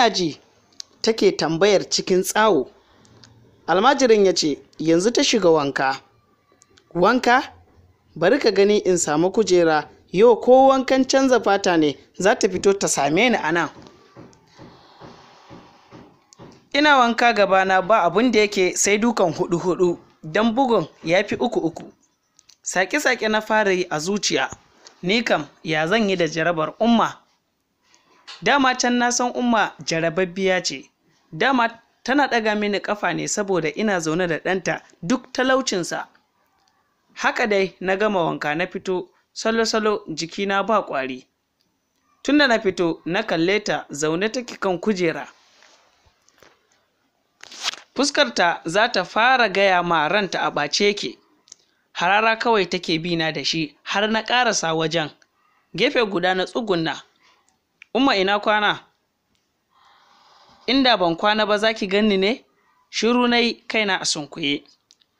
ina ji? take tambayar cikin tsawo. Almajirin ya ce, yanzu ta shiga wanka. Wanka? Bari ka gani in samu kujera, yau ko wankan canza fata ne za ta fito ta same ni anan. Ina wanka gabana ba abin da yake sai dukan hudu-hudu, don bugun ya fi uku-uku. Sake-sake na fara yi a zuciya, ni kam ya zan yi da jarabar umma dama can na san umma jarababbiya ce dama tana ɗaga mini ƙafa ne saboda ina zaune da ɗanta duk talaucinsa haka dai na gama wanka na fito salo-salo jikina ba ƙwari tunda na fito na kalle ta zaune take kan kujera fuskarta za ta fara gaya ma ranta a ɓace yake harara kawai take bina da shi har na ƙarasa wajen gefe guda na tsugunna Umma ina kwana? Inda ban kwana ba za ki ganni ne? Shiru na yi kaina a sunkuye,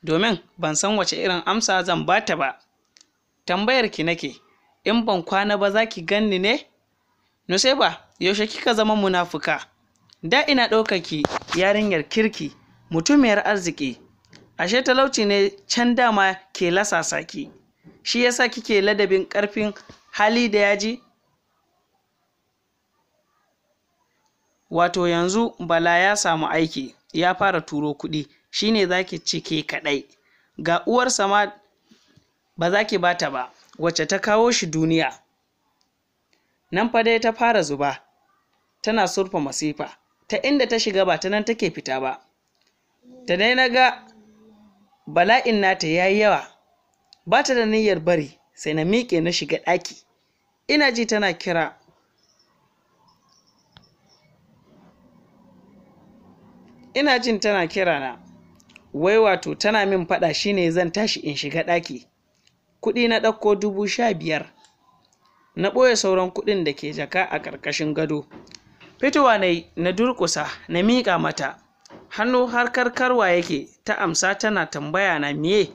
domin ban san wace irin amsa zan ba ta ba. Tambayar ki nake, in ban kwana ba za ki ganni ne? Nusaiba, yaushe kika zama munafuka? Da ina ɗaukaki yarinyar kirki, mutumiyar arziki, ashe talauci ne can dama ke lasa ki. Shi yasa kike ladabin ƙarfin hali da yaji wato yanzu bala ya samu aiki ya fara turo kuɗi shine za ki ci kaɗai ga uwarsa ma ba za ki bata ba wacce ta kawo shi duniya nan fa dai ta fara zuba tana surfa masifa ta inda ta shiga ba ta nan take fita ba ta dai na ga bala'in nata ya yi yawa ba ta da niyyar bari sai na miƙe na shiga ɗaki ina ji tana kira ina jin tana kirana. wai wato tana min faɗa shine zan tashi in shiga ɗaki kuɗi na ɗauko dubu sha biyar na ɓoye sauran kuɗin da ke jaka a ƙarƙashin gado fitowa na na durƙusa na miƙa mata hannu har karkarwa yake ta amsa tana tambaya na miye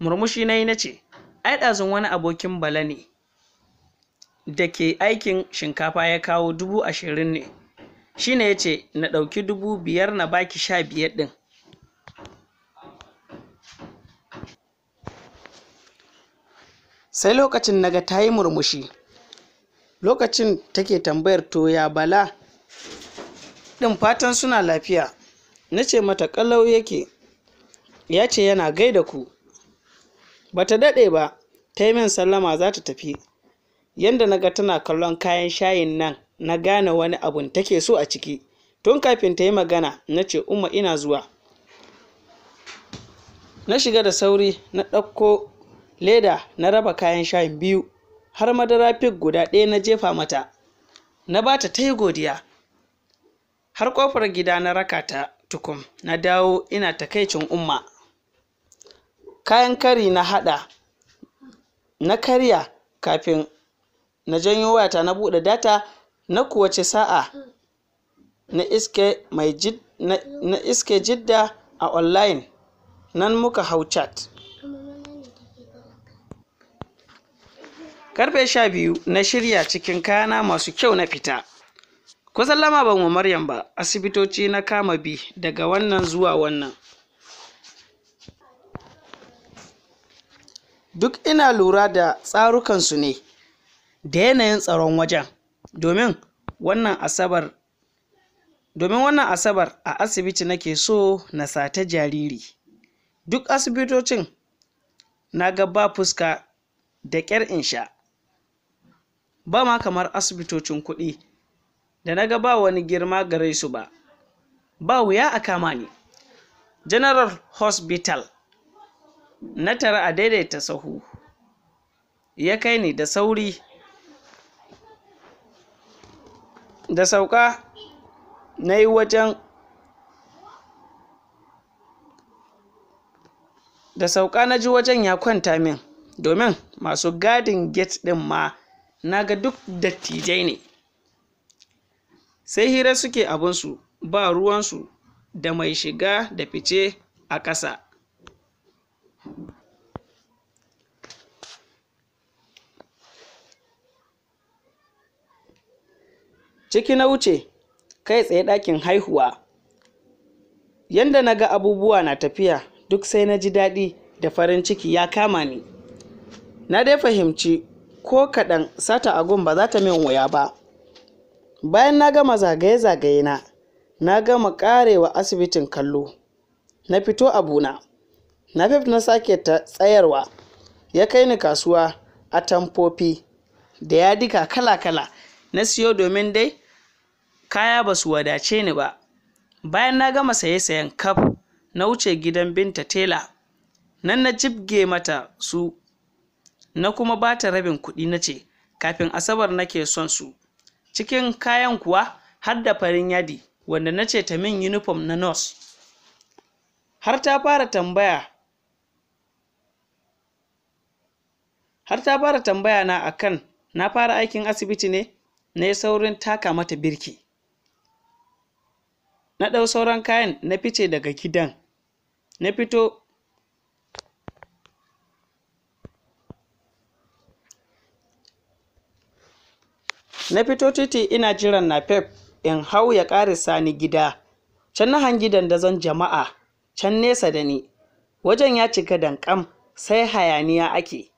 murmushi na yi na ce ai ɗazun wani abokin bala ne da ke aikin shinkafa ya kawo dubu ashirin ne shi ne ya ce na ɗauki dubu biyar na baki sha biyar ɗin sai lokacin na ga ta yi murmushi lokacin take tambayar to ya bala ɗin fatan suna lafiya na ce mata ƙalau yake ya ce yana gaida ku ba ta daɗe ba ta yi min sallama za ta tafi yadda na ga tana kallon kayan shayin nan na gane wani abun take so a ciki tun kafin ta yi magana na ce umma ina zuwa na shiga da sauri na ɗauko leda na raba kayan shayin biyu har madara fig guda ɗaya na jefa mata na ba ta yi godiya har ƙofar gida na raka ta tukum na dawo ina takaicin umma kayan kari na haɗa na karya kafin na janyo wayata na buɗe data na kowace sa'a na iske Jidda a online, nan muka hau chat. Karfe sha biyu na shirya cikin kayana masu kyau na fita. kusan lama ban wa Maryam ba, asibitoci na kama bi daga wannan zuwa wannan. Duk ina lura da tsarukansu ne da yanayin tsaron wajen, domin wannan asabar domin wannan asabar a asibiti nake so na sata jariri duk asibitocin na ga ba fuska da ƙyar in sha ba ma kamar asibitocin kuɗi da na ga ba wani girma gare su ba ba wuya a kama ni general hospital na tara a daidaita sahu ya kai ni da sauri da sauka na yi wajen da sauka na ji wajen ya kwanta min domin masu gadin gate ɗin ma na ga duk dattijai ne sai hira suke abinsu ba ruwansu da mai shiga da fice a ƙasa ciki na wuce kai tsaye ɗakin haihuwa Yadda na ga abubuwa na tafiya duk sai na ji daɗi da farin ciki ya kama ni na dai fahimci ko kaɗan sata agun ba za ta min wuya ba bayan na gama zagaye-zagaye na na gama ƙarewa asibitin kallo na fito abuna na fif na sake ta tsayarwa ya kai ni kasuwa a tamfofi da yadika kala-kala na siyo domin dai kaya ba su wadace ni ba bayan na gama saye-sayen kaf na wuce gidan binta tela nan na jibge mata su na kuma ba ta rabin kuɗi na ce kafin asabar nake son su cikin kayan kuwa har da farin yadi wanda na ce ta min uniform na nos. har ta fara tambaya har ta fara tambaya na akan na fara aikin asibiti ne na yi saurin taka mata birki na ɗau sauran kayan na fice daga gidan na fito na fito titi ina jiran na pep in hau ya ƙarisa ni gida can na hangi dandazon jama'a can nesa da ni wajen ya cika danƙam, sai hayaniya ake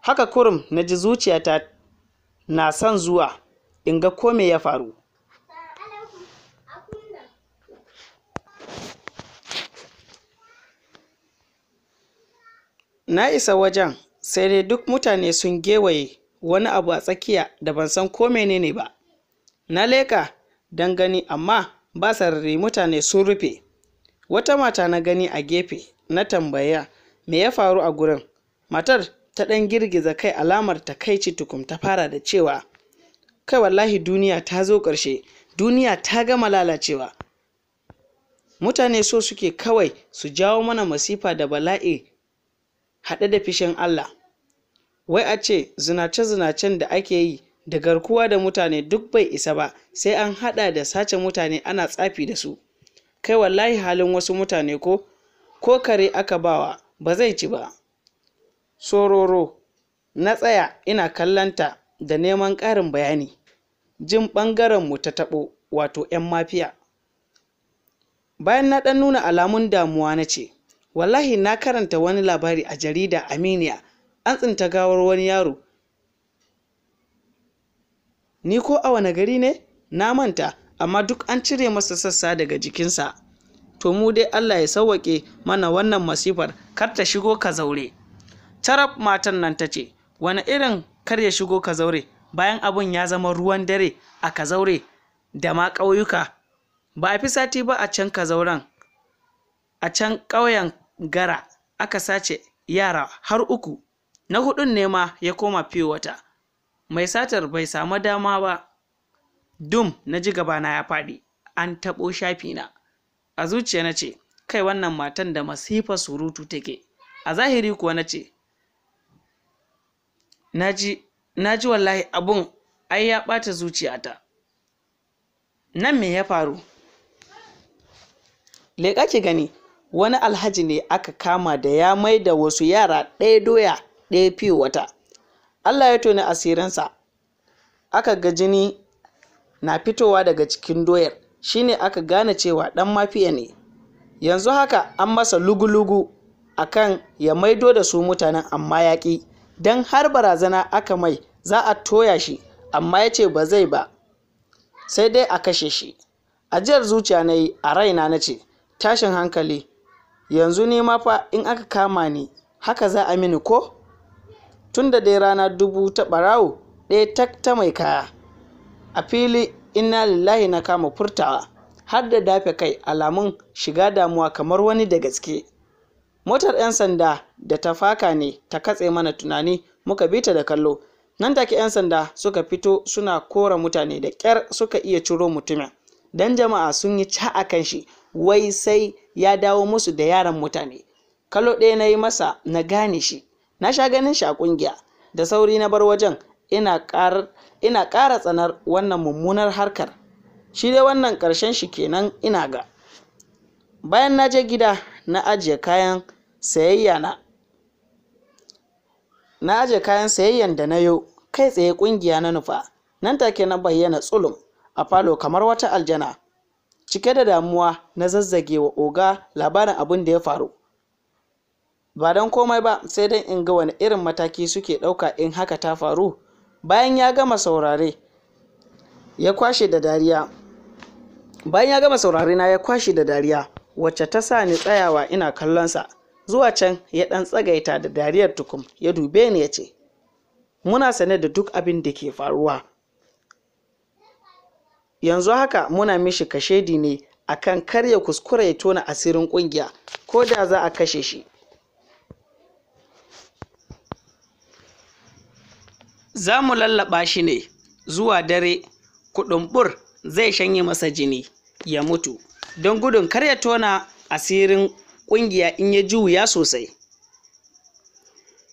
haka kurum na ji zuciyata Na son zuwa in ga ko me ya faru. Na isa wajen sai dai duk mutane sun gewaye wani abu a tsakiya da ban san ko menene ba. Na leka don gani amma ba sarari mutane sun rufe. Wata mata na gani a gefe na tambaya me ya faru a gurin. Matar ta ɗan girgiza kai alamar takaici tukum ta fara da cewa kai wallahi duniya ta zo ƙarshe duniya ta gama lalacewa mutane so suke kawai su jawo mana masifa da bala'i haɗe da fishin Allah wai a ce zinace-zinacen da ake yi da garkuwa da mutane duk bai isa ba sai an haɗa da sace mutane ana tsafi da su kai wallahi halin wasu mutane ko ko kare aka bawa ba zai ci ba Sororo na tsaya ina kallonta da neman ƙarin bayani, jin ɓangarenmu ta taɓo, wato 'yan mafiya. Bayan na ɗan nuna alamun damuwa na ce, wallahi na karanta wani labari a jarida Aminiya an tsinta gawar wani yaro. Ni ko a wane gari ne? Na manta, amma duk an cire masa sassa daga jikinsa. To mu dai Allah ya sauwaƙe mana wannan masifar kar ta shigo ka zaure. carab matan nan ta ce wani irin kar ya shigo ka zaure bayan abun ya zama ruwan dare a ka zaure da ma ƙauyuka ba a fi sati ba a can ka zauren a can ƙauyen gara aka sace yara har uku na hudun ne ma ya koma fiye wata mai satar bai samu dama ba dum na ji gabana ya faɗi an taɓo shafi na. a zuciya na ce kai wannan matan da masifa surutu take a zahiri kuwa na ce na ji wallahi abun ai ya ɓata zuciyata nan me ya faru leƙa ki gani wani alhaji ne aka kama da ya mai da wasu yara ɗaya doya ɗaya fiye wata allah ya toni asirinsa aka ga jini na fitowa daga cikin doyar shine aka gane cewa ɗan mafiya ne yanzu haka an masa lugu-lugu akan ya maido da su mutanen amma yaƙi don har barazana aka mai za a toya shi amma ya ce ba zai ba sai dai a kashe shi ajiyar zuciya na yi a raina na ce tashin hankali yanzu ne ma fa in aka kama ni haka za a mini ko tun da dai rana dubu ta ɓarawo ɗaya tak ta mai kaya a fili 'Ina lillahi na kama furtawa har da dafe kai alamun shiga damuwa kamar wani da gaske Motar 'yan sanda da ta faka ne ta katse mana tunani muka bi ta da kallo. Nan take 'yan sanda suka fito suna kora mutane da ƙyar suka iya ciro mutumin. Dan jama'a sun yi ca a kan shi wai sai ya dawo musu da yaran mutane. Kalo ɗaya na yi masa na gane shi. Na sha ganin shi a ƙungiya. Da sauri na bar wajen ina ƙara tsanar wannan mummunar harkar. Shi dai wannan ƙarshen shi kenan ina ga. Bayan na je gida na ajiye kayan sayayya na na ajiye kayan sayayyan da na yo kai tsaye ƙungiya na nufa nan take na bayyana tsulum a falo kamar wata aljana cike da damuwa na zazzage wa oga labarin abin da ya faru ba don komai ba sai don in ga wani irin mataki suke ɗauka in haka ta faru bayan ya gama saurare ya kwashe da dariya bayan ya gama saurare na ya kwashe da dariya wacce ta sa ni tsayawa ina kallon sa, zuwa can ya ɗan tsagaita da dariyar tukum ya dube ni ya ce muna sane da duk abin da ke faruwa yanzu haka muna mishi kashedi ne akan kar ya kuskure ya tona asirin ƙungiya, ko da za a kashe shi za mu lallaba shi ne zuwa dare kudumbur zai shanye masa jini ya mutu don gudun kar ya tona asirin ƙungiya in ya juya sosai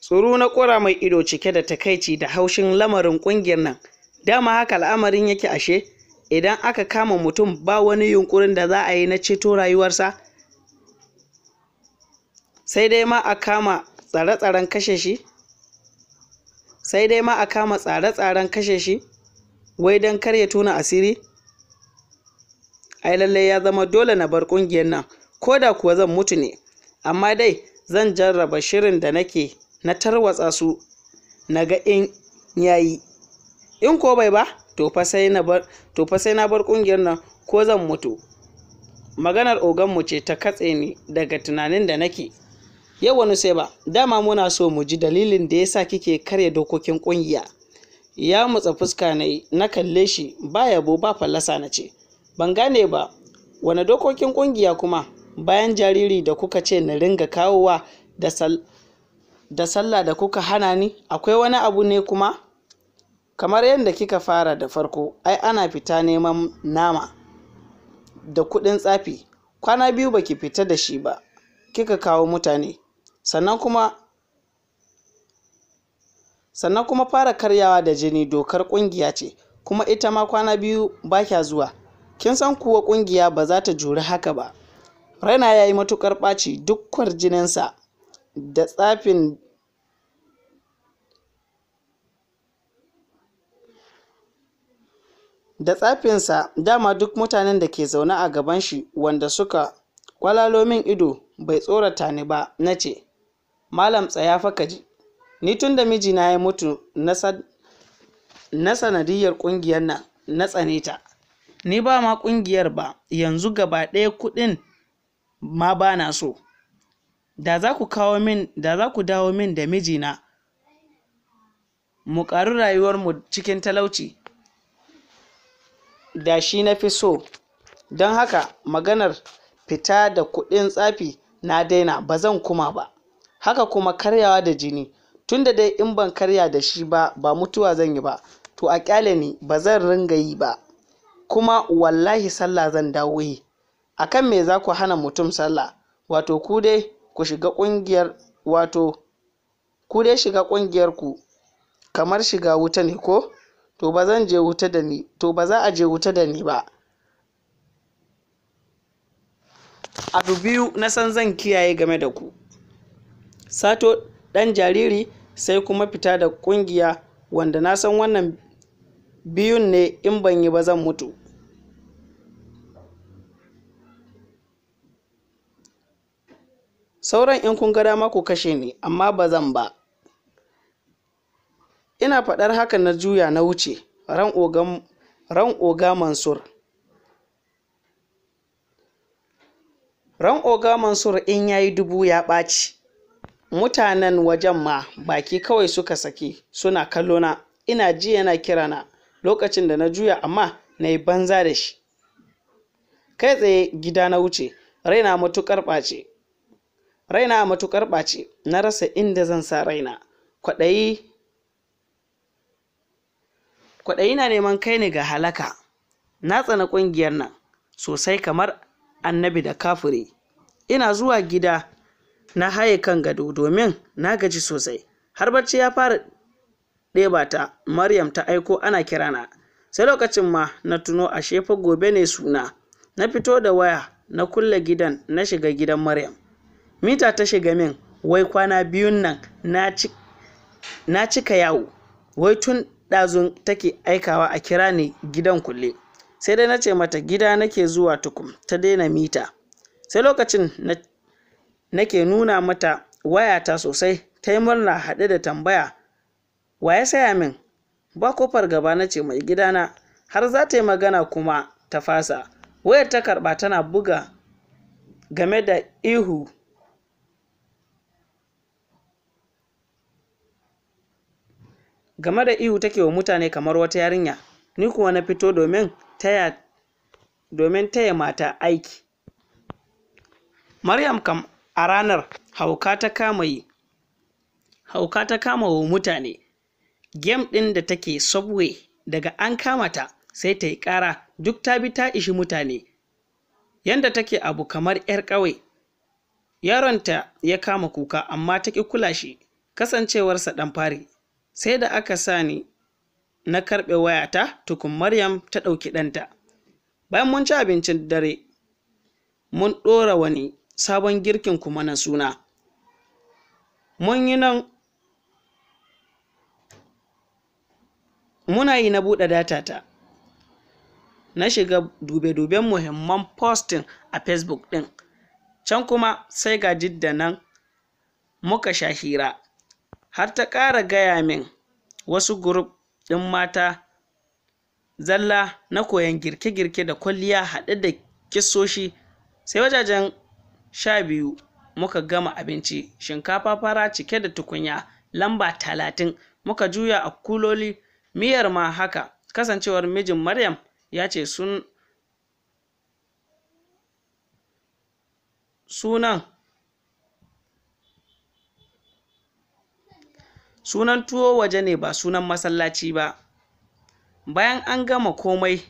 tsoro na ƙura mai ido cike da takaici da haushin lamarin ƙungiyar nan dama haka al'amarin yake ashe idan aka kama mutum ba wani yunkurin da za a yi na ceto rayuwarsa sai dai ma a kama tsare-tsaren kashe shi sai dai ma a kama tsare-tsaren kashe shi wai don kar ya tona asiri ai lallai ya zama dole na bar ƙungiyar nan ko da kuwa zan mutu ne amma dai zan jarraba shirin da nake na tarwatsa su na ga in yayi in ko bai ba to fa sai na bar ƙungiyar nan ko zan mutu maganar oganmu ce ta katse ni daga tunanin da nake yau wani sai ba dama muna so mu ji dalilin da ya sa kike karya dokokin ƙungiya ya mutsa fuska na na kalle shi ba yabo ba fallasa na ce ban gane ba wane dokokin kungiya kuma bayan jariri da kuka ce na ringa kawowa da sallah da kuka hana ni akwai wani abu ne kuma kamar yadda kika fara da farko ai ana fita neman nama da kuɗin tsafi kwana biyu baki fita da shi ba kika kawo mutane sannan kuma sannan kuma fara karyawa da jini dokar ƙungiya ce kuma ita ma kwana biyu ba kya zuwa Kin san kuwa ƙungiya ba za ta juri haka ba, raina ya yi matukar ɓaci duk jininsa da tsafin da tsafinsa dama duk mutanen da ke zaune a gaban shi wanda suka kwalalo min ido bai tsorata ni ba na ce malam tsaya fa ji ni tun da mijina ya mutu na sanadiyar ƙungiyar nan na tsane ta Ni ba ma ƙungiyar ba, yanzu gaba ɗaya kuɗin ma ba na so. Da za ku dawo min da mijina, mu ƙari rayuwarmu cikin talauci, da shi na fi so. Don haka maganar fita da kuɗin tsafi na daina ba zan kuma ba. Haka kuma karyawa da jini, tunda dai in ban karya da shi ba, ba mutuwa zan yi ba, to a ƙyale ni ba zan ringa yi ba. kuma wallahi sallah zan dawo yi A kan me za ku hana mutum sallah wato ku dai ku shiga ƙungiyar wato ku dai shiga ƙungiyar ku kamar shiga wuta ne ko to ba zan je wuta da ni to ba za a je wuta da ni ba abu biyu na san zan kiyaye game da ku sato ɗan jariri sai kuma fita da ƙungiya wanda na san wannan biyun ne in ban yi ba zan mutu sauran in kun ga kashe ni amma ba zan ba ina faɗar haka na juya na wuce ran oga mansur ran oga mansur in yayi dubu ya ɓaci mutanen wajen ma baki kawai suka saki suna kallona ina ji yana kirana lokacin da na juya amma na yi banza da shi kai tsaye gida na wuce raina matukar ɓace raina matukar ɓace na rasa inda zan sa raina kwaɗayi kwaɗayi na neman kai ni ga halaka na tsana ƙungiyar nan sosai kamar annabi da kafure ina zuwa gida na haye kan gado domin na gaji sosai har barci ya fara ɗeba ta Maryam ta aiko ana kirana sai lokacin ma na tuno ashefa shefa gobe ne suna na fito da waya na kulle gidan na shiga gidan Maryam mita ta shiga min wai kwana biyun nan na cika yawo wai tun ɗazun take aikawa a kira ni gidan kulle sai dai na ce mata gida nake zuwa tukum ta daina mita sai lokacin nake nuna mata wayata sosai ta yi murna haɗe da tambaya wa ya saya min ba kofar gaba na ce mai gidana har za ta yi magana kuma ta fasa wayar ta karba tana buga game da ihu game da ihu take wa mutane kamar wata yarinya ni kuwa na fito domin taya mata aiki maryam kam a ranar hauka ta kama wa mutane Gem ɗin da take Subway daga an kama ta sai ta yi ƙara duk ta bi ta ishi mutane yanda take abu kamar 'yar ƙauye, yaronta ya kama kuka amma ta ƙi kula shi, kasancewarsa ɗan fari, sai da aka sa ni na karɓe wayata tukun Maryam ta ɗauki ɗanta. Bayan mun ci abincin dare, mun ɗora wani sabon girkin kuma na suna. Mun yi nan muna yi na buɗe data ta na shiga dube-duben muhimman posting a facebook ɗin can kuma sai ga jidda nan muka sha hira har ta ƙara gaya min wasu gurup ɗin mata zalla na koyan girke-girke da kwalliya haɗe da kisoshi sai wajajen sha biyu muka gama abinci shinkafa fara cike da tukunya lamba talatin muka juya a kuloli Miyar ma haka, kasancewar mijin Maryam ya ce sunan tuwo waje ne ba sunan masallaci ba. Bayan an gama komai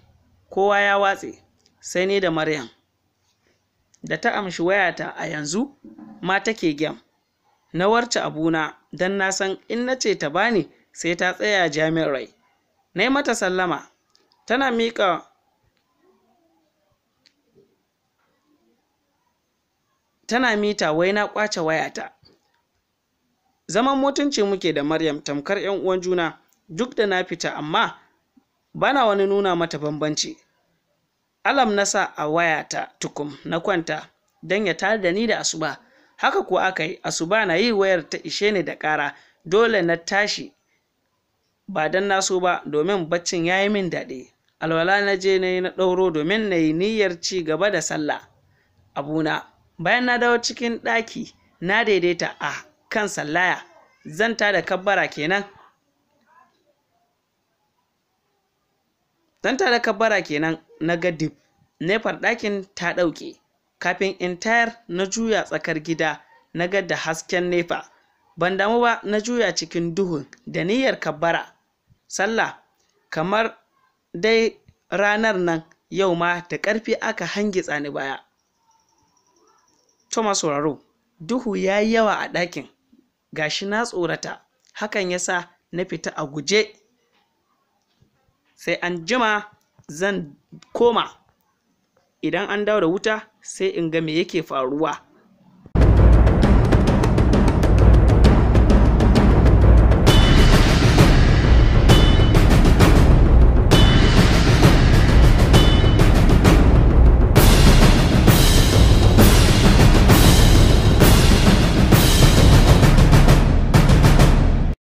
kowa ya watse, sai ne da Maryam da ta amshi wayata a yanzu ma take gyam. Na warce abuna don na san in na ce ta bani sai ta tsaya jami'ar rai. na yi mata sallama tana miƙa tana mita wai na ƙwace wayata zaman mutunci muke da maryam tamkar 'yan uwan juna duk da na fita amma bana wani nuna mata bambanci alam na sa a wayata tukum na kwanta don ya tare da ni da asuba haka kuwa aka yi asuba na yi wayar ta ishe ni da ƙara dole na tashi ba don na so ba domin baccin ya yi min daɗe alwala na je na yi na ɗauro domin na yi niyyar ci gaba da sallah abuna bayan na dawo cikin ɗaki na daidaita a kan sallaya zanta da kabbara kenan zanta da kabbara kenan na ga dib nefar ɗakin ta ɗauke kafin in tayar na juya tsakar gida na ga da hasken nefa ban damu ba na juya cikin duhun da niyyar kabbara sallah kamar dai ranar nan yau ma da ƙarfi aka hange tsani baya Thomas sauraro duhu ya yi yawa a ɗakin Ga shi na tsorata hakan ya sa na fita a guje sai an jima zan koma idan an dawo da wuta sai in ga me yake faruwa